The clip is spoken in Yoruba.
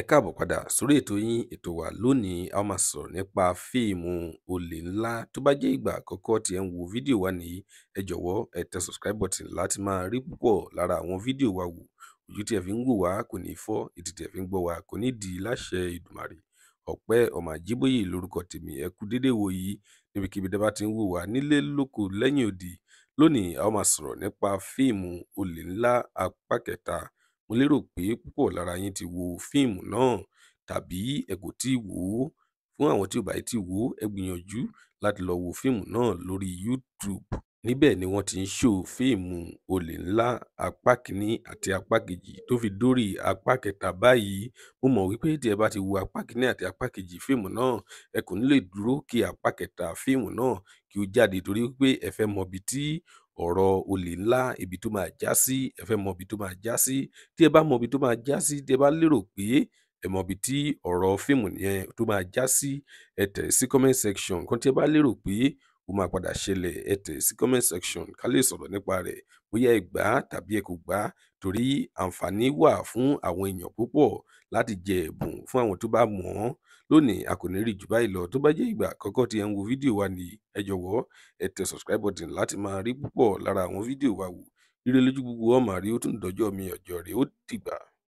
ẹ káàbọ̀ padà sórí ètò yín ètò wa lónìí a máa sọ̀rọ̀ nípa fíìmù olè ńlá tó bá jẹ́ ìgbà àkọ́kọ́ tí ẹ ń wo fídíò wa nìyí ẹ jọ̀wọ́ ẹ tẹ subscribe button láti máa rí púpọ̀ lára àwọn fídíò wa wò ojú tí ẹ fi ń wò wá kò ní fọ́ ètò tí ẹ fi ń gbọ́ wá kò ní di láṣẹ ìdùmàrè ọpẹ́ ọmọ àjíbóyè lórúkọ tèmi ẹ kú dédé wo yìí níbikíbi tẹ́ bá ti ń wò wá nílé lóko lẹ́yìn òdì lónìí a máa sọ̀rọ̀ nípa fíìmù olè ńlá apá kẹta mo lérò pé púpọ̀ lára yín ti wo fíìmù náà tàbí ẹ kò tíì wò ó fún àwọn tí ò bá yìí ti wò ó ẹ gbìyànjú láti lọ wo fíìmù náà lórí YouTube níbẹ̀ ni wọ́n ti ń ṣó fíìmù olè ńlá apá kínní àti apá kejì tó fi dórí apá kẹta báyìí mo mọ̀ wípé tí ẹ bá ti wo apá kínní àti apá kejì fíìmù náà ẹ kò ní lè dúró kí apá kẹta fíìmù náà kí ó jáde torí pé ẹ fẹ́ mọ ibi tí ọ̀rọ̀ olè ńlá ibi tó máa já sí ẹ fẹ́ mọ ibi tó máa já sí tí ẹ bá mọ ibi tó máa já sí tí ẹ bá lérò pé ẹ mọ ibi tí ọ̀rọ̀ fíìmù yẹn tó máa já sí ẹ tẹ̀ sí comment section kan tí ẹ bá lérò pé ó máa padà ṣẹlẹ̀ ẹ tẹ̀ sí comment section ká lè sọ̀rọ̀ nípa rẹ̀ bóyá ẹ gbà á tàbí ẹ kò gbà á torí àǹfààní wà fún àwọn èèyàn púpọ̀ láti jẹ ẹ̀bùn fún àwọn tó bá mọ̀ ọ́n lónìí a kò ní rí jù báyìí lọ tó bá jẹ́ ìgbà àkọ́kọ́ tí ẹ ń wo fídíò wa nìyí ẹ jọ̀wọ́ ẹ tẹ̀ subscribe button láti máa rí púpọ̀ lára àwọn fídíò wa wò ire lójú gbogbo ọmọ rí ó tún dọjọ́ mi ọjọ́ rí ó dìgbà.